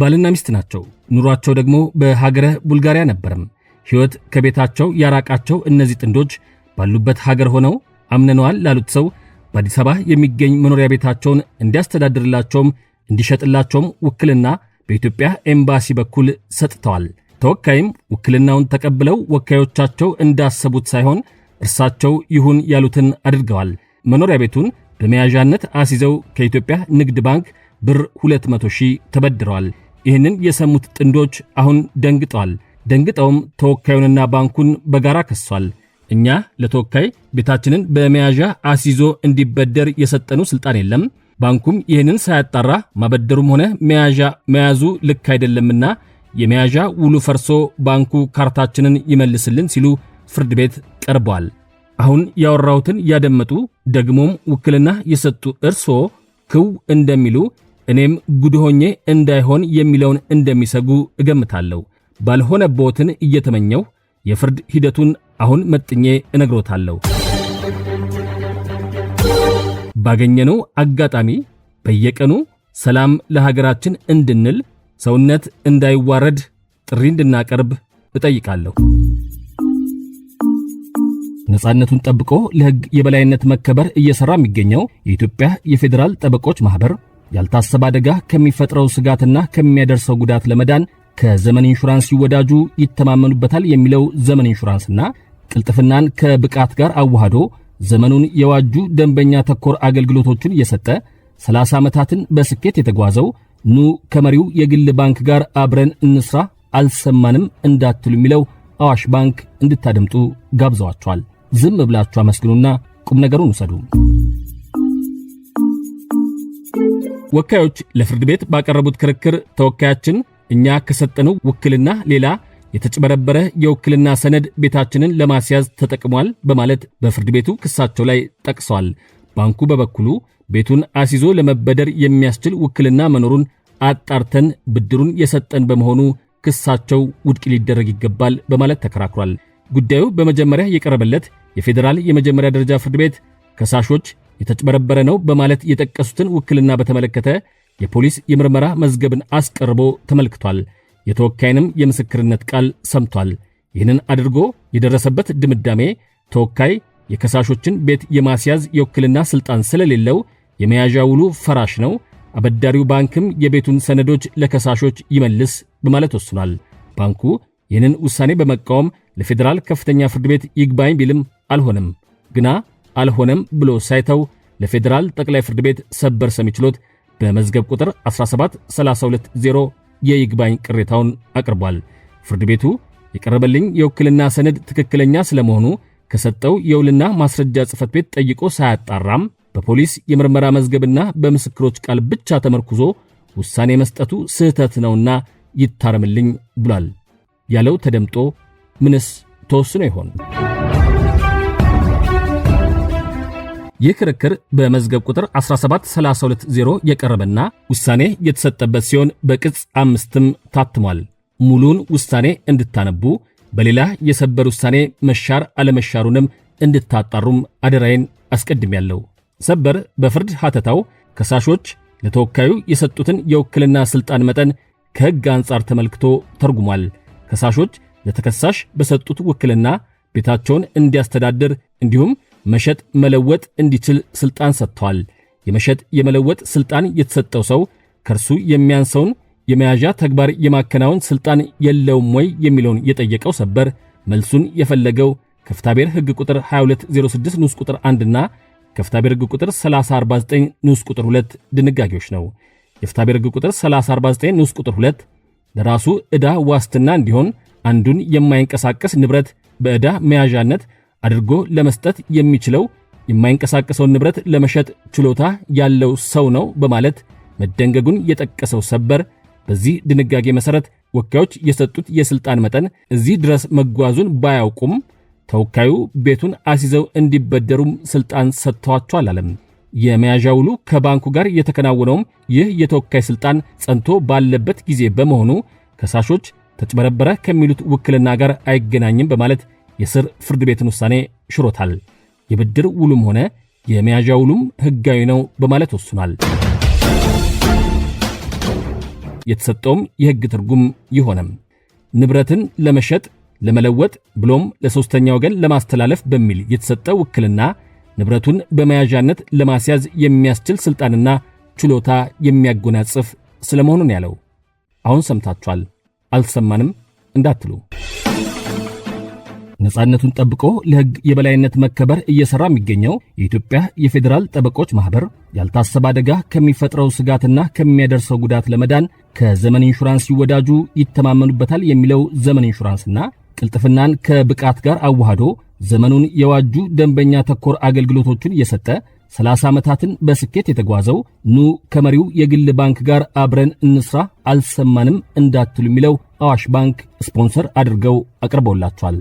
ባልና ሚስት ናቸው። ኑሯቸው ደግሞ በሀገረ ቡልጋሪያ ነበርም። ሕይወት ከቤታቸው ያራቃቸው እነዚህ ጥንዶች ባሉበት ሀገር ሆነው አምነነዋል ላሉት ሰው በአዲስ አበባ የሚገኝ መኖሪያ ቤታቸውን እንዲያስተዳድርላቸውም እንዲሸጥላቸውም ውክልና በኢትዮጵያ ኤምባሲ በኩል ሰጥተዋል። ተወካይም ውክልናውን ተቀብለው ወካዮቻቸው እንዳሰቡት ሳይሆን እርሳቸው ይሁን ያሉትን አድርገዋል። መኖሪያ ቤቱን በመያዣነት አስይዘው ከኢትዮጵያ ንግድ ባንክ ብር 200 ሺህ ተበድረዋል። ይህንን የሰሙት ጥንዶች አሁን ደንግጠዋል። ደንግጠውም ተወካዩንና ባንኩን በጋራ ከሷል። እኛ ለተወካይ ቤታችንን በመያዣ አስይዞ እንዲበደር የሰጠኑ ስልጣን የለም። ባንኩም ይህንን ሳያጣራ ማበደሩም ሆነ መያዣ መያዙ ልክ አይደለምና የመያዣ ውሉ ፈርሶ ባንኩ ካርታችንን ይመልስልን ሲሉ ፍርድ ቤት ቀርቧል። አሁን ያወራሁትን ያደመጡ ደግሞም ውክልና የሰጡ እርስዎ ክው እንደሚሉ እኔም ጉድ ሆኜ እንዳይሆን የሚለውን እንደሚሰጉ እገምታለሁ። ቦትን እየተመኘው የፍርድ ሂደቱን አሁን መጥኜ እነግሮታለሁ። ባገኘነው አጋጣሚ በየቀኑ ሰላም ለሀገራችን እንድንል ሰውነት እንዳይዋረድ ጥሪ እንድናቀርብ እጠይቃለሁ። ነፃነቱን ጠብቆ ለሕግ የበላይነት መከበር እየሰራ የሚገኘው የኢትዮጵያ የፌዴራል ጠበቆች ማኅበር ያልታሰበ አደጋ ከሚፈጥረው ስጋትና ከሚያደርሰው ጉዳት ለመዳን ከዘመን ኢንሹራንስ ይወዳጁ ይተማመኑበታል የሚለው ዘመን ኢንሹራንስና ቅልጥፍናን ከብቃት ጋር አዋህዶ ዘመኑን የዋጁ ደንበኛ ተኮር አገልግሎቶችን እየሰጠ 30 ዓመታትን በስኬት የተጓዘው ኑ ከመሪው የግል ባንክ ጋር አብረን እንስራ አልሰማንም እንዳትሉ የሚለው አዋሽ ባንክ እንድታደምጡ ጋብዘዋቸዋል። ዝም ብላችሁ አመስግኑና ቁም ነገሩን ውሰዱ። ወካዮች ለፍርድ ቤት ባቀረቡት ክርክር ተወካያችን እኛ ከሰጠነው ውክልና ሌላ የተጭበረበረ የውክልና ሰነድ ቤታችንን ለማስያዝ ተጠቅሟል በማለት በፍርድ ቤቱ ክሳቸው ላይ ጠቅሰዋል። ባንኩ በበኩሉ ቤቱን አስይዞ ለመበደር የሚያስችል ውክልና መኖሩን አጣርተን ብድሩን የሰጠን በመሆኑ ክሳቸው ውድቅ ሊደረግ ይገባል በማለት ተከራክሯል። ጉዳዩ በመጀመሪያ የቀረበለት የፌዴራል የመጀመሪያ ደረጃ ፍርድ ቤት ከሳሾች የተጭበረበረ ነው በማለት የጠቀሱትን ውክልና በተመለከተ የፖሊስ የምርመራ መዝገብን አስቀርቦ ተመልክቷል። የተወካይንም የምስክርነት ቃል ሰምቷል። ይህንን አድርጎ የደረሰበት ድምዳሜ ተወካይ የከሳሾችን ቤት የማስያዝ የውክልና ሥልጣን ስለሌለው የመያዣ ውሉ ፈራሽ ነው፣ አበዳሪው ባንክም የቤቱን ሰነዶች ለከሳሾች ይመልስ በማለት ወስኗል። ባንኩ ይህንን ውሳኔ በመቃወም ለፌዴራል ከፍተኛ ፍርድ ቤት ይግባኝ ቢልም አልሆነም ግና አልሆነም ብሎ ሳይተው ለፌዴራል ጠቅላይ ፍርድ ቤት ሰበር ሰሚ ችሎት በመዝገብ ቁጥር 17320 የይግባኝ ቅሬታውን አቅርቧል። ፍርድ ቤቱ የቀረበልኝ የውክልና ሰነድ ትክክለኛ ስለመሆኑ ከሰጠው የውልና ማስረጃ ጽህፈት ቤት ጠይቆ ሳያጣራም በፖሊስ የምርመራ መዝገብና በምስክሮች ቃል ብቻ ተመርኩዞ ውሳኔ መስጠቱ ስህተት ነውና ይታረምልኝ ብሏል። ያለው ተደምጦ ምንስ ተወስኖ ይሆን? ይህ ክርክር በመዝገብ ቁጥር 17320 የቀረበና ውሳኔ የተሰጠበት ሲሆን በቅጽ አምስትም ታትሟል። ሙሉን ውሳኔ እንድታነቡ በሌላ የሰበር ውሳኔ መሻር አለመሻሩንም እንድታጣሩም አደራዬን አስቀድሜያለሁ። ሰበር በፍርድ ሐተታው ከሳሾች ለተወካዩ የሰጡትን የውክልና ሥልጣን መጠን ከሕግ አንጻር ተመልክቶ ተርጉሟል። ከሳሾች ለተከሳሽ በሰጡት ውክልና ቤታቸውን እንዲያስተዳድር እንዲሁም መሸጥ መለወጥ እንዲችል ስልጣን ሰጥቷል። የመሸጥ የመለወጥ ስልጣን የተሰጠው ሰው ከእርሱ የሚያንሰውን የመያዣ ተግባር የማከናወን ስልጣን የለውም ወይ የሚለውን የጠየቀው ሰበር መልሱን የፈለገው ከፍታብሔር ሕግ ቁጥር 2206 ንዑስ ቁጥር 1 ና ከፍታብሔር ሕግ ቁጥር 3049 ንዑስ ቁጥር 2 ድንጋጌዎች ነው። የፍታብሔር ሕግ ቁጥር 3049 ንዑስ ቁጥር 2 ለራሱ ዕዳ ዋስትና እንዲሆን አንዱን የማይንቀሳቀስ ንብረት በዕዳ መያዣነት አድርጎ ለመስጠት የሚችለው የማይንቀሳቀሰውን ንብረት ለመሸጥ ችሎታ ያለው ሰው ነው በማለት መደንገጉን የጠቀሰው ሰበር በዚህ ድንጋጌ መሠረት ወካዮች የሰጡት የሥልጣን መጠን እዚህ ድረስ መጓዙን ባያውቁም ተወካዩ ቤቱን አስይዘው እንዲበደሩም ሥልጣን ሰጥተዋቸዋል አለም። የመያዣ ውሉ ከባንኩ ጋር የተከናወነውም ይህ የተወካይ ሥልጣን ጸንቶ ባለበት ጊዜ በመሆኑ ከሳሾች ተጭበረበረ ከሚሉት ውክልና ጋር አይገናኝም በማለት የስር ፍርድ ቤትን ውሳኔ ሽሮታል። የብድር ውሉም ሆነ የመያዣ ውሉም ህጋዊ ነው በማለት ወስኗል። የተሰጠውም የሕግ ትርጉም ይሆነም ንብረትን ለመሸጥ ለመለወጥ ብሎም ለሶስተኛ ወገን ለማስተላለፍ በሚል የተሰጠ ውክልና ንብረቱን በመያዣነት ለማስያዝ የሚያስችል ስልጣንና ችሎታ የሚያጎናጽፍ ስለመሆኑን ያለው። አሁን ሰምታችኋል፣ አልሰማንም እንዳትሉ ነጻነቱን ጠብቆ ለሕግ የበላይነት መከበር እየሰራ የሚገኘው የኢትዮጵያ የፌዴራል ጠበቆች ማህበር ያልታሰበ አደጋ ከሚፈጥረው ስጋትና ከሚያደርሰው ጉዳት ለመዳን ከዘመን ኢንሹራንስ ይወዳጁ ይተማመኑበታል የሚለው ዘመን ኢንሹራንስና ቅልጥፍናን ከብቃት ጋር አዋህዶ ዘመኑን የዋጁ ደንበኛ ተኮር አገልግሎቶችን እየሰጠ 30 ዓመታትን በስኬት የተጓዘው ኑ ከመሪው የግል ባንክ ጋር አብረን እንስራ አልሰማንም እንዳትሉ የሚለው አዋሽ ባንክ ስፖንሰር አድርገው አቅርበውላቸዋል።